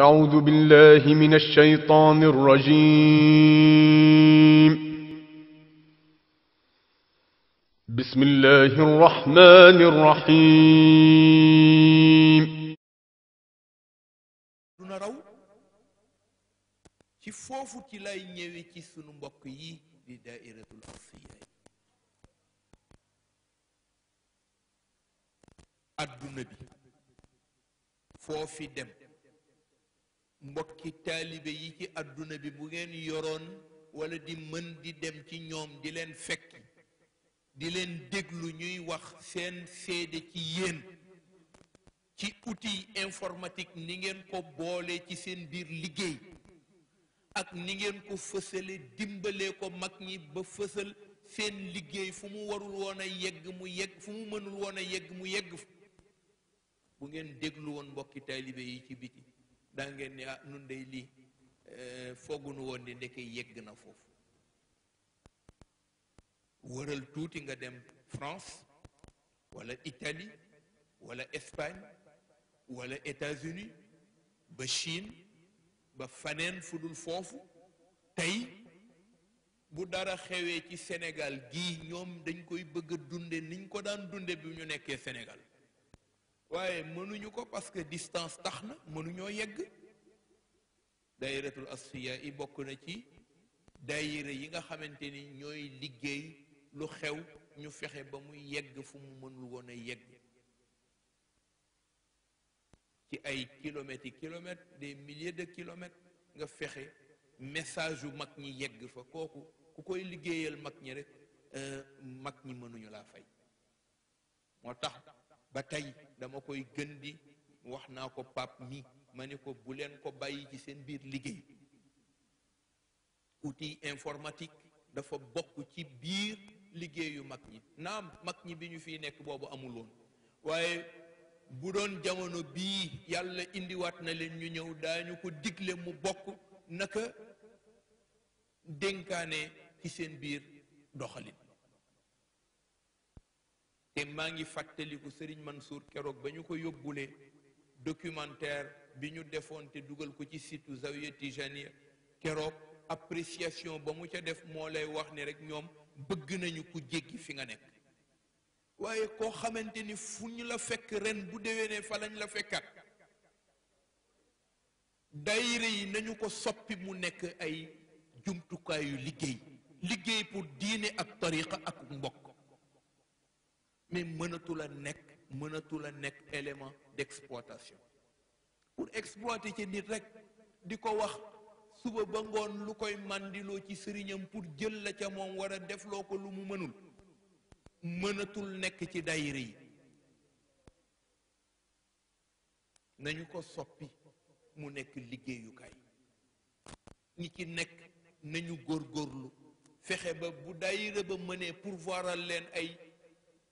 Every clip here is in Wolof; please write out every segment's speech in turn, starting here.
أعوذ بالله من الشيطان الرجيم بسم الله الرحمن الرحيم duna raw ci foofu ci lay ñëwee ci sunu mbokk yi di daairatul asfiya adduna bi foofi dem mbokki taalibe yi ci àdduna bi bu ngeen yoroon walla di mën di dem ci ñoom di leen fekk di leen déglu ñuy wax seen seede ci yéen ci outil informatique ni ngeen ko boole ci seen biir liggéey ak ni ngeen ko fësale dimbale ko mag ñi ba fësal seen liggéey fu mu warul woon a yegg mu yegg fu mënul woon yegg mu yegg bu ngeen déglu woon mbokki taalibe yi ci biti daa ngeen ni ah nun day lii eh, foogunu woon di ndeke yëgg na foofu wëral tuuti nga dem France wala Italie wala Espagne wala États-Unis ba Chine ba faneen fu dul foofu tey bu dara xewee ci senegal gii ñoom dañ koy bëgg dunde niñ ko daan dunde bi ñu nekkee senegal waaye mënuñu ko parce que distance tax na mënuñoo yegg dayiratul asfiya yi bokk na ci dayira yi nga xamante ni ñooy liggéey lu xew ñu fexe ba muy yegg fu mu mënul woon yegg ci ay kilomètres yi kilomètres des milliers de kilomètres nga fexe message yu mag ñi yegg fa kooku ku koy liggéeyal mag ñi rek euh, mag ñi mënuñu laa fay moo tax ba tey dama koy gëndi wax naa ko pap mi ma ne ko bu leen ko bàyyi ci seen biir liggéey outil informatique dafa bokk ci biir liggéeyu mag ñi naam mag ñi bi ñu fiy nekk boobu amul waaye bu doon jamono bii yàlla indiwaat na leen ñu ñëw daañu ko digle mu bokk naka dénkaane ci seen biir doxalin maa ngi fàttaliku Serigne Mansour keroog ba ñu ko yóbbulee documentaire bi ñu defoon te dugal ko ci situ Zawiya Tijaniya keroog appréciation ba mu ca def moo lay wax ni rek ñoom bëgg nañu ku jéggi fi nga nekk waaye koo xamante ni fu ñu la fekk ren bu déwénee fa lañ la fekkat daayira yi nañu ko soppi mu nekk ay jumtukaayu liggéey liggéey pour diine ak tariqa ak mbokk mais mënatul a nekk mënatul a nekk élément d'exploitation pour exploiter ci nit rek di ko wax suba ba ngoon lu koy mandiloo ci sëriñam pour jël la ca moom wara defloo ko lu mu mënul mënatul nekk ci dayre yi nañu ko soppi mu nekk liggéeyukaay ñi ci nekk nañu góorgóorlu fexe ba bu dayre ba mënee pourvoiral leen ay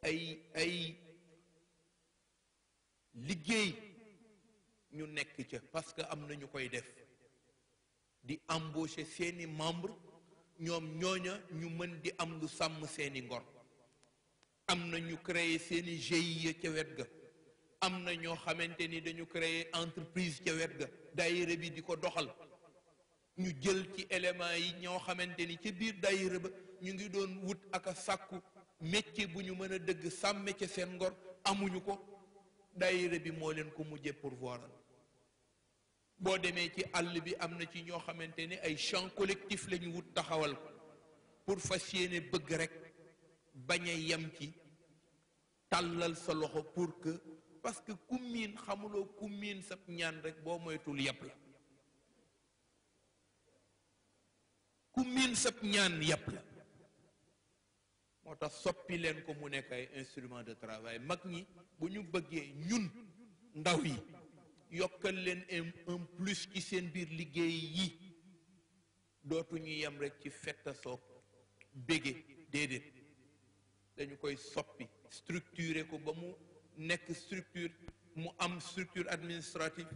ay ay liggéey ñu nekk ca parce que am na ñu koy def di embaucher seeni membre ñoom ñooña ñu mën di am lu sàmm seeni ngor am na ñu créer seeni GIE ca wet ga am na ñoo xamante ni dañu créer entreprise ca wet ga daayira bi di ko doxal ñu jël ci éléments yi ñoo xamante ni ca biir daayira ba ñu ngi doon wut ak a sàkku métier bu ñu mën a dëgg sàmme ca seen ngor amuñu ko daayira bi moo leen ko mujjee pourvoir boo demee ci àll bi am na ci ñoo xamante ne ay champ collectif lañu wut taxawal ko pour fas yéene bëgg rek bañ a yam ci tàllal sa loxo pour que parce que ku miin xamuloo ku miin sab ñaan rek boo moytul yàpp la ku miin sab ñaan yàpp la moo tax soppi leen ko mu nekk ay instrument de travail mag ñi bu ñu bëggee ñun ndaw yi yokkal leen un plus ci seen biir liggéey yi dootuñu yem rek ci fettasoog bége déedéet dañu koy soppi structure ko ba mu nekk structure mu am structure administrative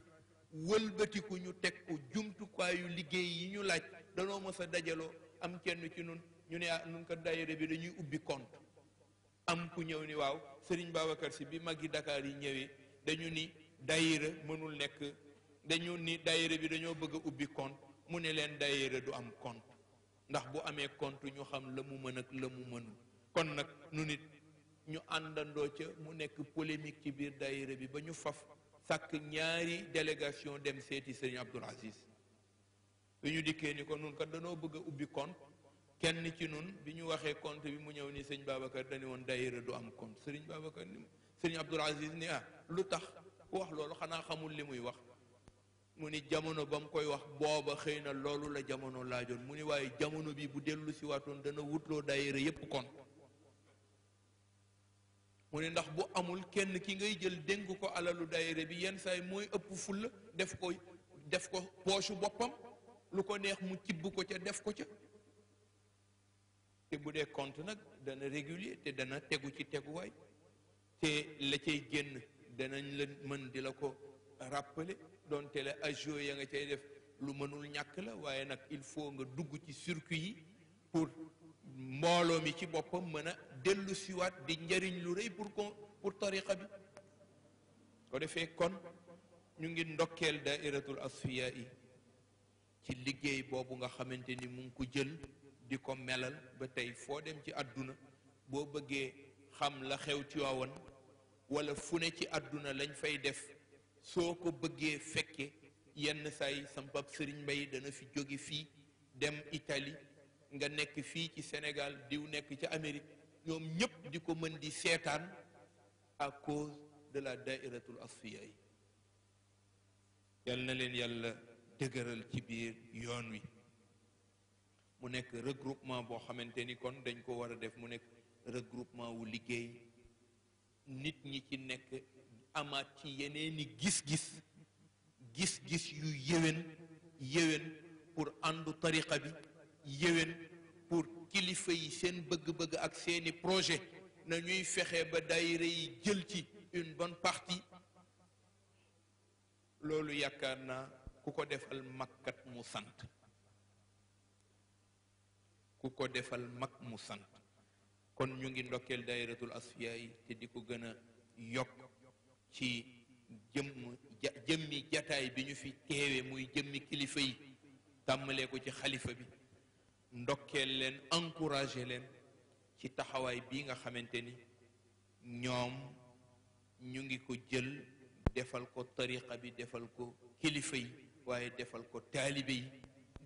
wëlbatiku ñu teg ko jumtukaayu liggéey yi ñu laaj danoo mës a dajaloo am kenn ci nun ñu ne ah nun ko bi dañuy ubbi compte am ku ñëw ni waaw Serigne Babacar si bi magi dakaar yi ñëwee dañu ni daayira mënul nekk dañu ni daayira bi dañoo bëgg a ubbi compte mu ne leen daayira du am compte ndax bu amee compte ñu xam la mu mën ak la mu mënul kon nag nu nit ñu àndandoo ca mu nekk polémique ci biir daayira bi ba ñu faf sàkk ñaari délégation dem seeti Serigne Abdoul Aziz bi ñu dikkee ni ko nun danoo bëgg a ubbi compte kenn ci noonu bi ñu waxee compte bi mu ñëw ni sëñ Babacar dañu woon daayira du am compte sëriñ Babacar ni sëriñ Abdoul Aziz ni ah lu tax wax loolu xanaa xamul li muy wax mu ni jamono ba mu koy wax booba xëy na loolu la jamono laajoon mu ni waaye jamono bi bu dellu si waatoon dana wutloo daayira yépp compte mu ne ndax bu amul kenn ki ngay jël dénk ko alalu daayira bi yenn saay mooy ëpp fulla def ko def ko poosu boppam lu ko neex mu cibb ko ca def ko ca te bu dee compte nag dana régulier te dana tegu ci tegu teguwaay te la cay génn danañ la mën di la ko rappeler donte la agio ya nga cay def lu mënul ñàkk la waaye nag il faut nga dugg ci circuit yi pour mbooloo mi ci boppam mën a dellu siwaat di njariñ lu rëy pour kon pour tariqa bi ko defee kon ñu ngi ndokkeel daairatul asfiya yi ci liggéey boobu nga xamante ni mu ngi ko jël di ko melal ba tey foo dem ci àdduna boo bëggee xam la xew Tiwaawan wala fu ne ci àdduna lañ fay def soo ko bëggee fekke yenn saa yi sëriñ mbay dana fi jóge fii dem itali nga nekk fii ci Sénégal diw nekk ci amerig ñoom ñépp di ko mën di seetaan à cause de la dairatul asfiya yal na leen yàlla dëgëral ci biir yoon wi mu nekk regroupement boo xamante ni kon dañ ko war a def mu nekk regroupement wu liggéey nit ñi ci nekk amaat ci yeneeni gis-gis gis-gis yu yéwén yéwén pour àndu tariqa bi yéwén pour kilifa yi seen bëgg-bëgg ak seeni projet na ñuy fexe ba daayira yi jël ci une bonne partie loolu yaakaar naa ku ko defal makkat mu sant ku ko defal mag mu sant kon ñu ngi ndokkeel daayiratul asfiya te di ko gën a yokk ci jëmm jëmmi jataay bi ñu fi teewe muy jëmmi kilifa yi tàmmalee ko ci xalifa bi ndokkeel leen encouragé leen ci taxawaay bii nga xamante ni ñoom ñu ngi ko jël defal ko tariqa bi defal ko kilifa yi waaye defal ko taalibe yi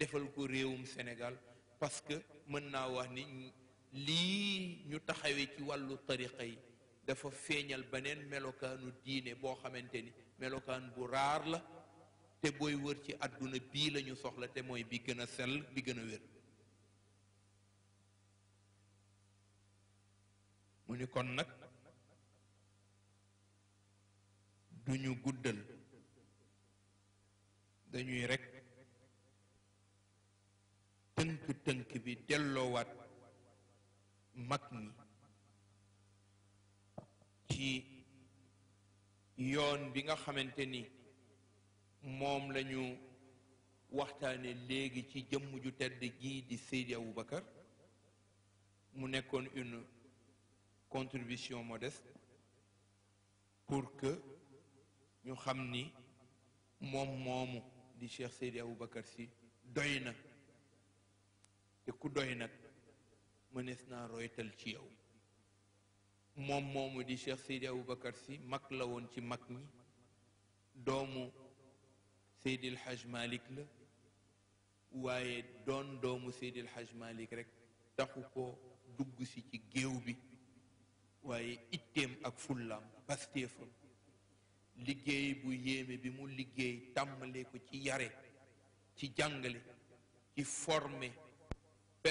defal ko réewum Sénégal parce que mën naa wax ni lii ñu taxawee ci wàllu tariqa yi dafa feeñal beneen melokaanu diine boo xamante ni melokaan bu raar la te booy wër ci àdduna bii lañu soxla te mooy bi gën a sel bi gën a wér mu ni kon nag duñu guddal dañuy rekk tënk-tënk bi delloowaat mag ñi ci yoon bi nga xamante ni moom lañu waxtaane léegi ci jëmm ju tedd gii di Seydi Aboubacar mu nekkoon une contribution modeste pour que ñu xam ni moom moomu di Cheikh Seydi Aboubacar Sy doy na te ku doy nag mënees naa roytal ci yow moom moomu di Cheikh Seydi Aboubacar Sy mag la woon ci mag ñi doomu Seydi El Hadj la waaye doon doomu Seydi El Hadj Malick taxu ko dugg si ci géew bi waaye itteem ak fullaam pastéefam liggéey bu yéeme bi mu liggéey tàmmalee ci yare ci jàngale ci former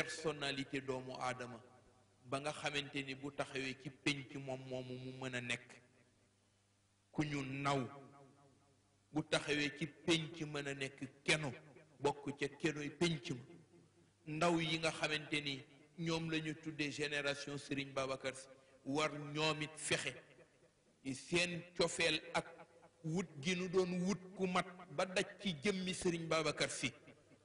personnalité doomu aadama ba nga xamante ni bu taxawee ci pénc moom moomu mu mën a nekk ku ñu naw bu taxawee ci pénc mën a nekk keno bokk ca kenoy pénc ma ndaw yi nga xamante ni ñoom la tuddee génération Serigne Babacar Sy war ñoom it fexe seen cofeel ak wut gi nu doon wut ku mat ba daj ci jëmmi Serigne Babacar Sy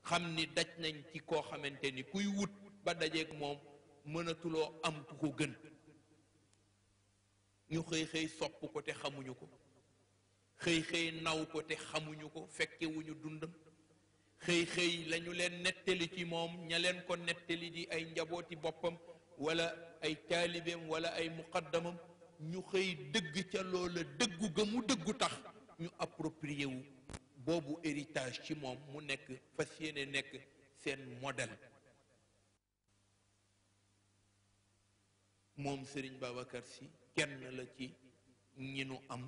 xam ni daj nañ ci koo xamante ni kuy wut ba dajeek moom mënatuloo am ku ko gën ñu xëy xëy sopp ko te xamuñu ko xëy xëy naw ko te xamuñu ko fekkewuñu dundam xëy xëy lañu leen nettali ci moom ña leen ko nettali di ay njabooti boppam wala ay taalibeem wala ay muqaddamam ñu xëy dëgg ca loola dëggu ga mu dëggu tax ñu approprié wu boobu héritage ci moom mu nekk fas yéene nekk seen modèle moom Serigne Babacar Sy kenn la ci ñi nu am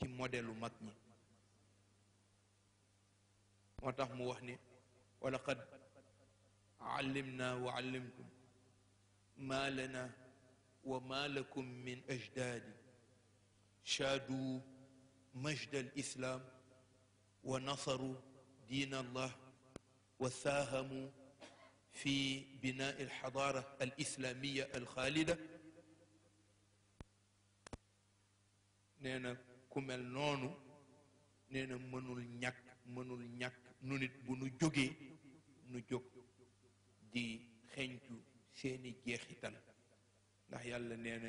ci modèle u mag ñi moo tax mu wax ni wa laqad allimna wa allimtum ma lana wa ma lakum min ajdaadi shaadu majda al islam wa دين الله وساهموا في بناء الحضارة الإسلامية الخالدة nee na ku mel noonu nee mënul ñàkk mënul ñàkk nu nit bu nu jógee nu jóg di xencu seeni jeexital ndax yàlla nee na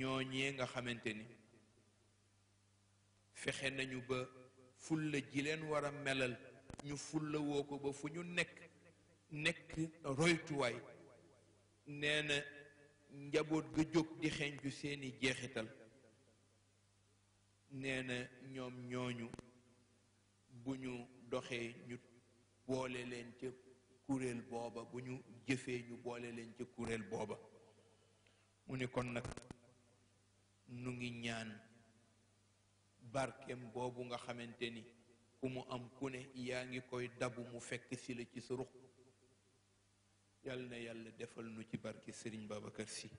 ñooñee nga xamante ni fexe nañu ba fulla ji leen war a melal ñu fulla woo ko ba fu ñu nekk nekk roytuwaay neena njaboot ga jóg di xencu seeni jeexital nee na ñoom ñooñu bu ñu doxee ñu boole leen ca kuréel booba bu ñu jëfee ñu boole leen ca kuréel booba mu ni kon nag nu ngi ñaan barkeem boobu nga xamante ni ku mu am ku ne yaa ngi koy dabu mu fekk si ci surux ruq yal na yàlla defal nu ci barke Serigne Babacar si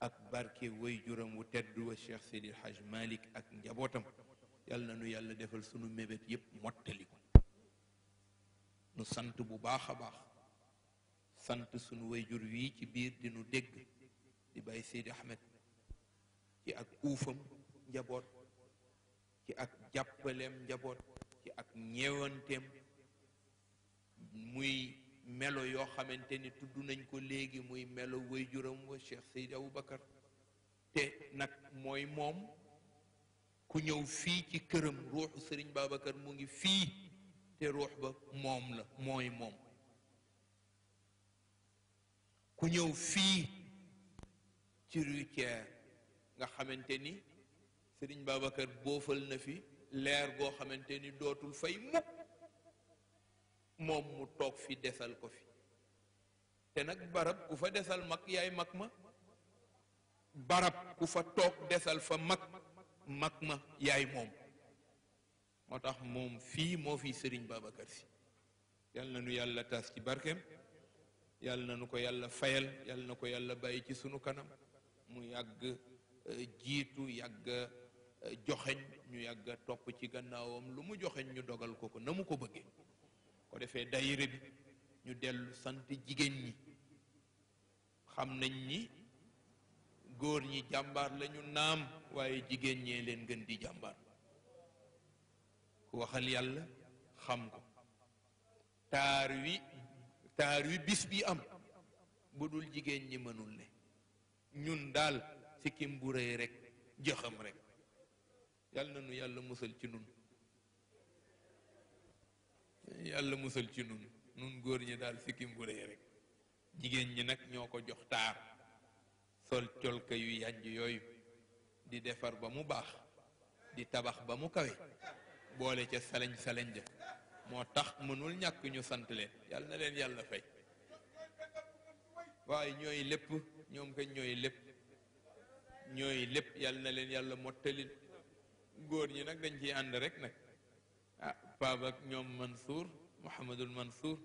ak barke way juram wu tedd wa Cheikh Seydi El Hadj ak njabootam yal na nu yàlla defal sunu mébét yépp mottali ko nu sant bu baax baax sant sunu way jur wii ci biir di nu dégg di bàyyi Seydi Ahmed ci ak uufam njaboot ci ak jàppaleem njaboot ci ak ñeewanteem muy melo yoo xamante ni tudd nañ ko léegi muy melo juróom wa Cheikh Seydi Aboubacar te nag mooy moom ku ñëw fii ci këram ruuxu Sëriñ Babacar mu ngi fii te ruux ba moom la mooy moom ku ñëw fii ci rue nga xamante ni sëriñ Babacar boofal na fi leer goo xamante ni dootul fay mukk moom mu toog fi desal ko fi te nag barab ku fa desal mag yaay mag ma barab ku fa toog desal fa mag mag ma yaay moom moo tax moom fii moo fi sëriñ Babacar si yàlla na nu yàlla taas ci barkeem yàlla na nu ko yàlla fayal yàlla na ko yàlla bàyyi ci sunu kanam mu yàgg eh, jiitu yàgg joxeñ ñu yàgg a topp ci gannaawam lu mu joxeñ ñu dogal ko ko na mu ko bëggee ko defee dayre bi ñu dellu sant jigéen ñi xam nañ ni góor ñi jàmbar lañu naam waaye jigéen ñee leen gën di jàmbaar ku waxal yàlla xam ko taar wi taar wi bis bi am bu dul jigéen ñi mënul ne ñun daal sikkim bu rëy rek jëxam rek yàlla na nu yàlla musal ci nun yàlla musal ci nun nun góor ñi daal sikkim bu rëy rek jigéen ñi nag ñoo ko jox taar sol colka yu yanj yooyu di defar ba mu baax di tabax ba mu kawe boole ca salañ-salañ ja moo tax mënul ñàkk ñu sant leen yàlla na leen yàlla fay waaye ñooy lépp ñoom kañ ñooy lépp ñooy lépp yàlla leen yàlla mottalil góor ñi nag dañ ci ànd rek nag ah Paab ñoom Mansour Mouhamadul Mansour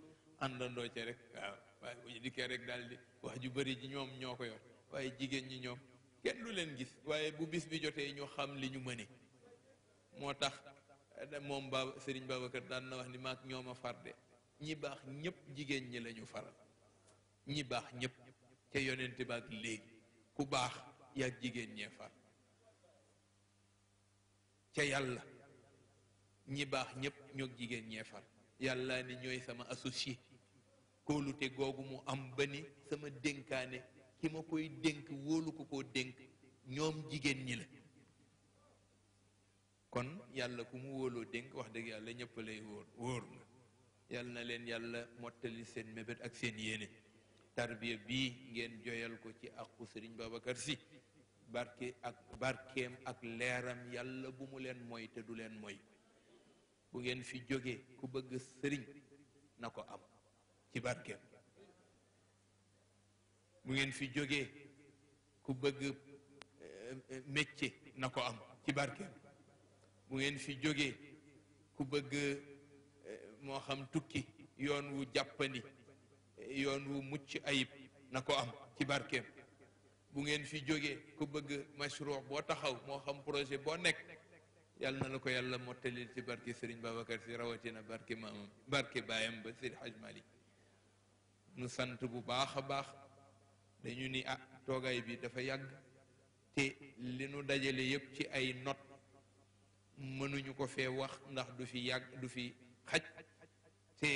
àndandoo ca rek waaw ah, waaye bu rek daal wax ju bëri ji ñoom ñoo ko yor waaye jigéen ñi ñoom kenn du leen gis waaye bu bis bi jotee ñu xam li ñu mëne moo tax eh, moom Baba sëriñ Babacar daan na wax ni maak ñoom a far de ñi baax ñëpp jigéen ñi lañu far ñi baax ñëpp ca yonente baak léegi ku baax yaag jigéen ñee far ca yàlla ñi baax ñépp ñoog jigéen ñee far yàlla ni ñooy sama associé kóolute googu mu am ba ni sama dénkaane ki ma koy dénk wóolu ko ko dénk ñoom jigéen ñi la kon yàlla ku mu wóoloo dénk wax dëgg yàlla ñëpp lay wóor wóor nga yàlla na leen yàlla mottali seen mébét ak seen yéene tarbiya bi ngeen joyal ko ci àqu Sëriñ Babacar Si barke ak barkeem ak leeram yalla bu mu leen mooy te du leen mooy bu ngeen fi jógee ku bëgg sëriñ na ko am ci barkeem bu ngeen fi jógee ku bëgg eh, eh, métier na ko am ci barkeem bu ngeen fi jógee ku bëgg eh, moo xam tukki yoon wu jàppandi yoon wu mucc ayib na ko am ci barkeem bu ngeen fi jógee ku bëgg mashruu boo taxaw moo xam projet boo nekk yàlla na la ko yàlla mottalil ci barki sëriñ Babacar si rawatina barki maamam barki baayam ba Seydi Hajj Malik nu sant bu baax a baax dañu ni ah toogaay bi dafa yàgg te li nu dajale yépp ci ay not mënuñu ko fee wax ndax du fi yàgg du fi xaj te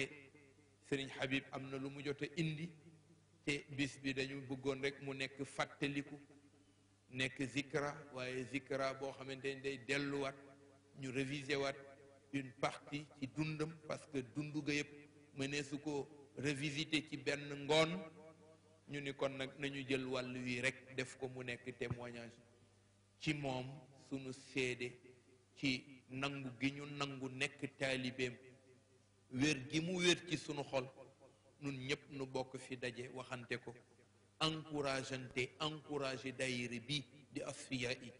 sëriñ Habib am na lu mu jot indi te bis bi dañu bëggoon rek mu nekk fàttaliku nekk zikra waaye zikra boo xamante ni day delluwaat ñu réviser waat une partie ci dundam parce que dundu ga yëpp mënee su ko revisiter ci benn ngoon ñu ni kon nag nañu jël wàll wii rek def ko mu nekk témoignage ci moom sunu seede ci nangu gi ñu nangu nekk taalibeem wér gi mu wér ci sunu xol nun ñëpp nu bokk fi daje waxante ko encourageante encouragé daayira bi di asfiya yi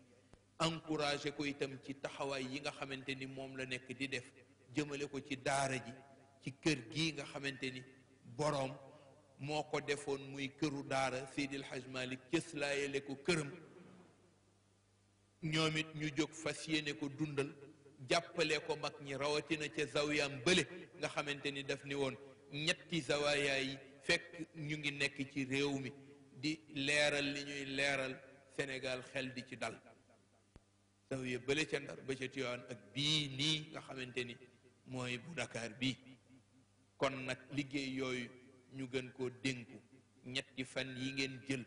encouragé ko itam ci taxawaay yi nga xamante ni moom la nekk di def jëmale ko ci daara ji ci kër gi nga xamante ni borom moo ko defoon muy këru daara Seydil Hadj Malick cëslaayale ko këram ñoom it ñu jóg fas yéene ko dundal jàppale ko mag ñi rawatina ca zawyaam bële nga xamante ni daf ni woon ñetti zawaaya yi fekk ñu ngi nekk ci réew mi di leeral li ñuy leeral Sénégal xel di ci dal zawiya bële ca Ndar ba ca ak bii nii nga xamante ni mooy bu dakaar bii kon nag liggéey yooyu ñu gën koo dénku ñetti fan yi ngeen jël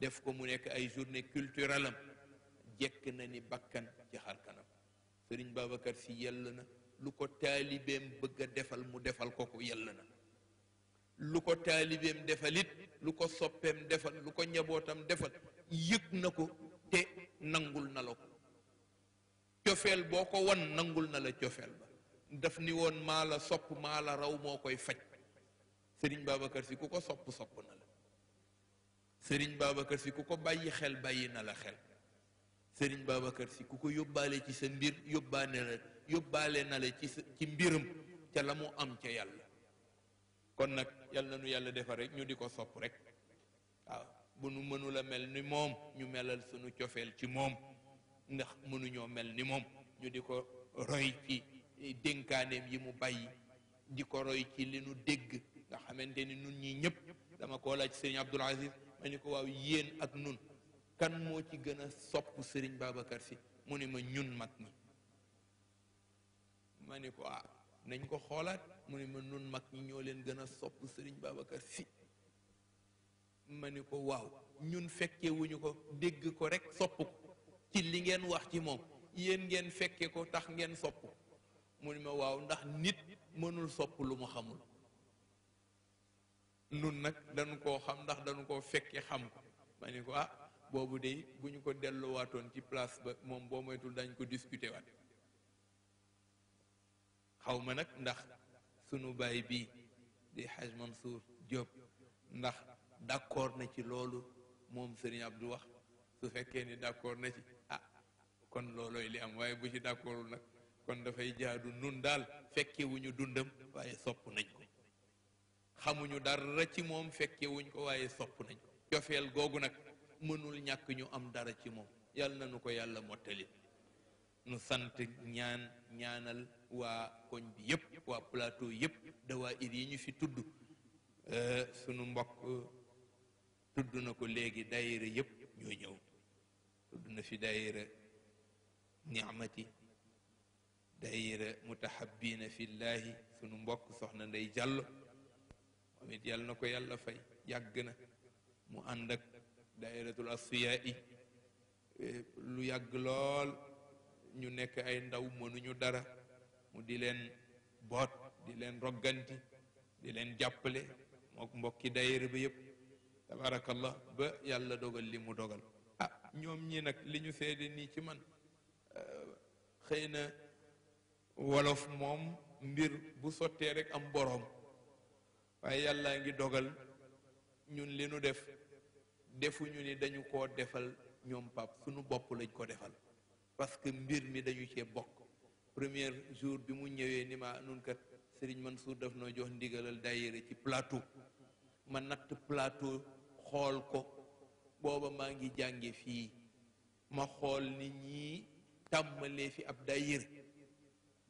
def ko mu nekk ay journée culturelle jekk na ni bakkan ci xar kanam Sëriñ Babacar Si yell na lu ko taalibeem bëgg defal mu defal ko ko yell na lu ko taalibeem defalit lu ko soppeem defal lu ko njabootam defal yëg na ko te nangul na la ko cofeel boo ko wan nangul na la cofeel ba daf ni woon maa la sopp maa la raw moo koy faj sëriñ Babacar si ku ko sopp sopp na la sëriñ Babacar si ku ko bàyyi xel bàyyi na la xel sëriñ Babacar si ku ko yóbbaale ci sa mbir yóbbaale la yóbbaale na la ci mbiram ca la mu am ca yàlla kon nag yal na nu yàlla defar rek ñu di ko sopp rek waaw bu nu mënula mel ni moom ñu melal sunu cofeel ci moom ndax mënuñoo mel ni moom ñu di ko roy ci dénkaaneem yi mu bàyyi di ko roy ci li nu dégg nga xamante ni nun ñii ñëpp dama koo laaj sëriñ Abdul Aziz ma ni ko waaw yéen ak nun kan moo ci gën a sopp sëriñ Babacar si mu ne ma ñun mat ñi ma ni ko ah nañ ko xoolaat mu ne ma nun mag ñi ñoo leen gën a sopp sëriñ Babacar Sy ma ni ko waaw ñun fekkewuñu ko dégg ko rekk sopp ko ci li ngeen wax ci moom yéen ngeen fekke ko tax ngeen sopp mu ne ma waaw ndax nit mënul sopp lu mu xamul nun nag dañu koo xam ndax dañu koo fekke xam ko ma ni ko ah boobu de bu ñu ko delluwaatoon ci place ba moom boo moytul dañ ko discuter waat xaw ma nag ndax suñu baay bi di xaj Mansour Diop ndax d'accord na ci loolu moom Serigne Abdou wax su fekkee ni d'accord na ci ah kon loolooy li am waaye bu ci d'accordul nag kon dafay jaadu nun daal fekkewuñu dundam waaye sopp nañ ko xamuñu dara ci moom fekke ko waaye sopp nañ ko cofeel googu nag mënul ñàkk ñu am dara ci moom yàlla na nu ko yàlla mottali nu sant ñaan ñaanal waa koñ bi yëpp waa plateau yëpp dawaayir yi ñu fi tudd euh, sunu mbokk tudd na ko léegi daayira yëpp ñoo ñëw tudd na fi daayira ni'mati daayira mutahabbiina fillaahi sunu mbokk soxna ndey jàll moom it na ko yàlla fay yàgg na mu ànd ak daayiratul euh, lu yàgg lool ñu nekk ay ndaw mënuñu dara mu di leen boot di leen rogganti di leen jàppale mook mbokki daayira ba yëpp tabarakallah ba yàlla dogal li mu dogal ah ñoom ñi nag li ñu seede nii ci man eh, xëy na wolof moom mbir bu sottee rek am boroom waaye yàlla ngi dogal ñun li nu def defuñu ni dañu ko defal ñoom pap suñu bopp lañ ko defal parce mbir mi dañu cee bokk premier jour bi mu ñëwee ni ma nun kat man suur def noo jox ndigalal daayira ci plateau ma natt plateau xool ko booba maa ngi jànge fii ma xool ni ñi tàmmalee fi ab daayira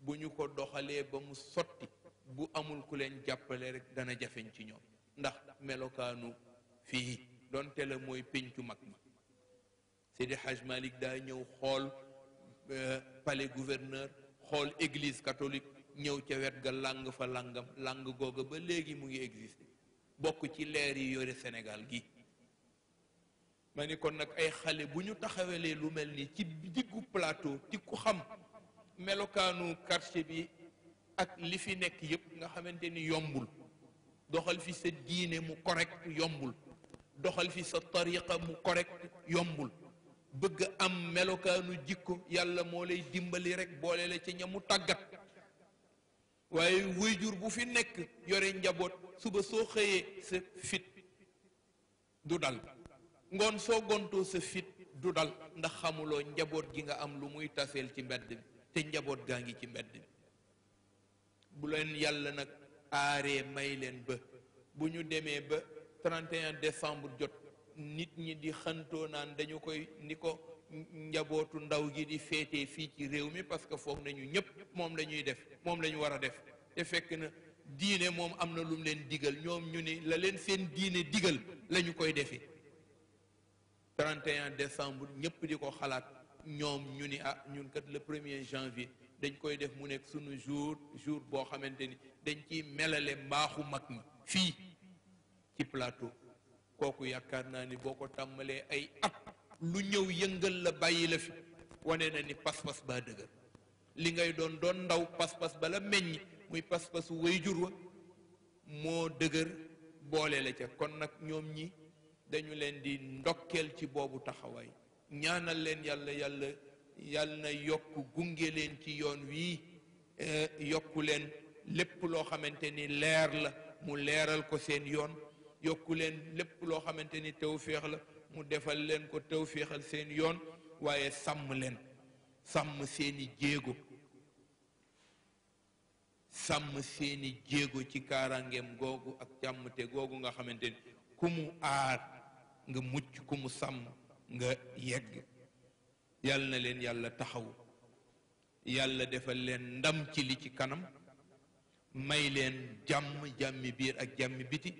bu ñu ko doxalee ba mu sotti bu amul ku leen jàppale rek dana jafeñ ci ñoom ndax melokaanu fii donte la mooy péncu mag ma Seydi Hajj Malick daa ñëw xool euh, palais gouverneur xool église katolik ñëw ca wet ga làng fa làngam làng googa ba léegi mu ngi existe bokk ci leer yi yore Sénégal gi ma ni kon nag ay xale bu ñu taxawalee lu mel ni ci diggu plateau ti ku xam melokaanu quartier bi ak li fi nekk yépp nga xamante ni yombul doxal fi sa diine mu correct yombul doxal fi sa tariqa mu correct yombul bëgg am melokaanu jikko yàlla moo lay dimbali rek boole la ci ñamu tàggat waaye waajur bu fi nekk yore njaboot suba soo xëyee sa fit du dal ngoon soo gontoo sa fit du dal ndax xamuloo njaboot gi nga am lu muy taseel ci mbedd bi te njaboot gaa ngi ci mbedd bi bu leen yàlla nag aaree may leen ba bu ñu demee ba 31 décembre jot nit ñi di xantoo naan dañu koy ni ko njabootu ndaw gi di féete fii ci réew mi parce que foog nañu ñëpp moom la ñuy def moom lañu ñu war a def te fekk na diine moom am na lum leen digal ñoom ñu ni la leen seen diine digal la ñu koy defee 31 décembre ñëpp di ko xalaat ñoom ñu ni ah ñun kat le premier janvier dañ koy def mu nekk sunu jour jour boo xamante ni dañ ciy melale mbaaxu mag ñi fii ci plateau kooku yaakaar naa ni boo ko tàmbalee ay at lu ñëw yëngal la bàyyi la fi wane na ni pas-pas baa dëgër li ngay doon doon ndaw pas-pas bala meññ muy pas-pasu wayjur wa moo dëgër boole la ca kon nag ñoom ñi dañu leen di ndokkeel ci boobu taxawaay ñaanal leen yàlla yàlla yàlla na yokk gunge leen ci yoon wii eh, yokku leen lépp loo xamante ni leer la mu leeral ko seen yoon yokk leen lépp loo xamante ni tawféex la mu defal leen ko féexal seen yoon waaye sàmm leen sàmm seeni jéego sàmm seeni jéego ci kaaraangeem googu ak jàmmte googu nga xamante ni ku mu aar nga mucc ku mu sàmm nga yegg yàlla na leen yàlla taxawu yàlla defal leen ndam ci li ci kanam may leen jàmm jàmmi biir ak jàmmi biti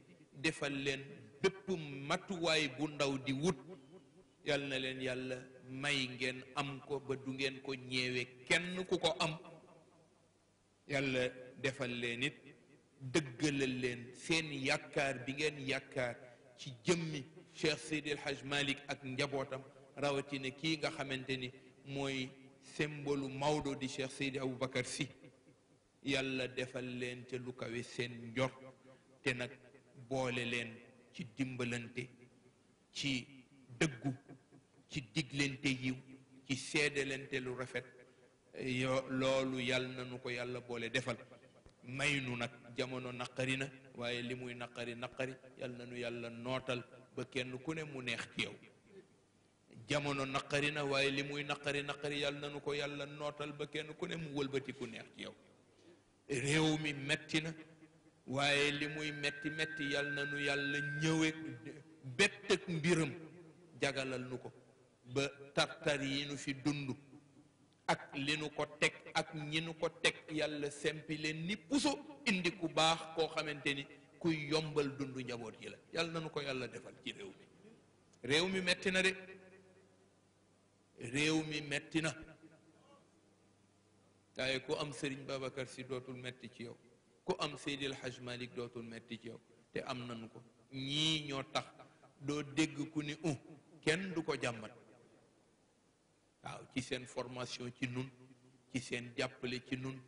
defal leen bépp matuwaay bu ndaw di wut yal na leen yàlla may ngeen am ko ba du ngeen ko ñeewe kenn ku ko am yàlla defal leen it dëggalal leen seen yàkkaar bi ngeen yàkkaar ci jëmmi Cheikh Seydi El Hadj ak njabootam rawatina kii nga xamante ni mooy symbole Maodo di Cheikh Seydi Aboubacar si yàlla defal leen te lu kawe seen njor te nag boole leen ci dimbalante ci dëggu ci diglante yiw ci seedalante lu rafet loolu yàlla na ko yàlla boole defal may nu nag jamono naqari na waaye li muy naqari naqari yàlla na yàlla nootal ba kenn ku ne mu neex yow jamono naqari na waaye li muy naqari naqari yàlla na ko yàlla nootal ba kenn ku ne mu wëlbati ku neex ci yow réew mi metti na waaye li muy metti metti yal na nu yàlla ñëwee bett ak mbiram jagalal nu ko ba tartar yi nu fi dund ak li nu ko teg ak ñi nu ko teg yàlla sempi leen ni puso indi ku baax koo xamante ni kuy yombal dund njaboot yi la yal na nu ko yàlla defal ci réew mi réew mi metti na de réew mi metti na waaye ku am sëriñ Babacar si dootul metti ci yow ku am Seydil Hadj Malick dootul metti ci te am nañu ko ñii ñoo tax doo dégg ku ni uh kenn du ko jàmbat waaw ci seen formation ci nun ci seen jàppale ci nun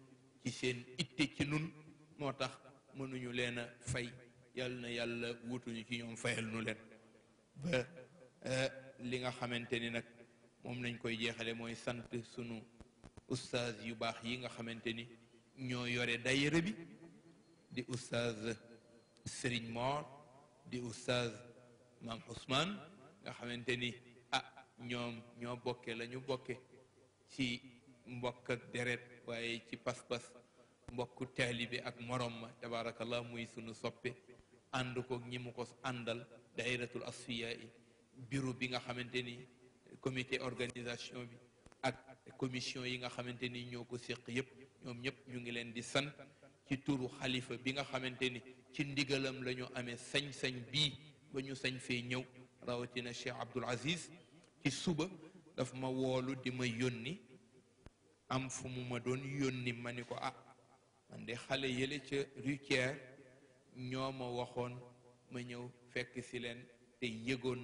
ci seen itte ci nun moo tax mënuñu leen a fay yal na yàlla wutuñu ci ñoom fayal nu leen ba eh, li nga xamante ni nag moom lañ koy jeexale mooy sant sunu ustaas yu baax yi nga xamante ni ñoo yore daayira bi di oustaz Serigne Mor di oustaz Maam Ousmane nga xamante ni ah ñoom ñoo bokke lañu ñu bokke ci mbokk ak deret waaye ci pas-pas mbokku taalibe ak morom ma tabaarakallah muy sunu soppe ànd ko ñi mu ko àndal dairatul asfiya bureau bi nga xamante ni comité organisation bi ak commission yi nga xamante ni ñoo ko séq yëpp ñoom ñëpp ñu ngi leen di san ci turu xalifa bi nga xamante ni ci ndigalam la amee sañ-sañ bii ba ñu sañ fee ñëw rawatina Cheikh Abdoul Aziz ci suba dafa ma woolu di ma yónni am fu mu ma doon yónni ma ni ko ah man xale yële ca rutière ñoo ma waxoon ñëw fekk si leen te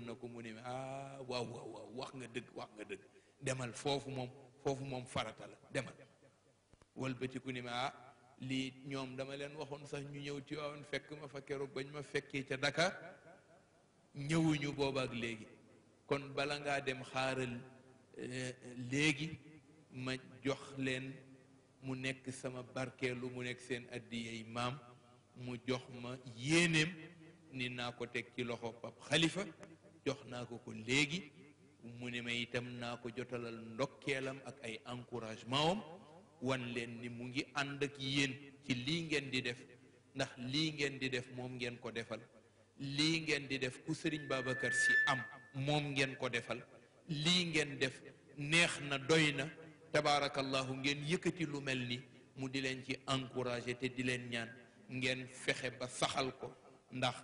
na ko mu ne ah, waaw waaw wax nga dëgg wax nga dëgg demal foofu moom foofu moom farata la demal walbatiku ni ma ah lii ñoom dama leen waxoon sax ñu ñëw Tiwaawan fekk ma fa keroog bañ ma fekkee ca Dakar ñëwuñu boobaak léegi kon bala ngaa dem xaaral euh, léegi ma jox leen mu nekk sama barkeelu mu nekk seen addiyey maam mu jox ma yéeneem ni naa ko teg ci loxo Pap Xalifa jox naa ko ko léegi mu ne ma itam naa ko jotalal ndokkeelam ak ay encouragement am wan leen ni mu ngi ànd ak yéen ci lii ngeen di def ndax lii ngeen di def moom ngeen ko defal lii ngeen di def ku sëriñ Babacar si am moom ngeen ko defal lii ngeen def neex na doy na tabaarakallahu ngeen yëkkati lu mel ni mu di leen ci encouragé te di leen ñaan ngeen fexe ba saxal ko ndax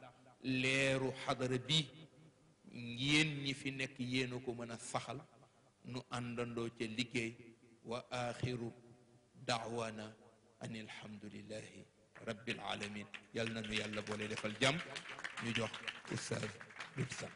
leeru xadara bi yéen ñi fi nekk yéen a ko mën a saxal nu àndandoo ca liggéey wa axiru daawaana an alhamdulillahi rabbil alamin yàlla na nu yàlla boole defal jàmm ñu jox ustaaz Birsa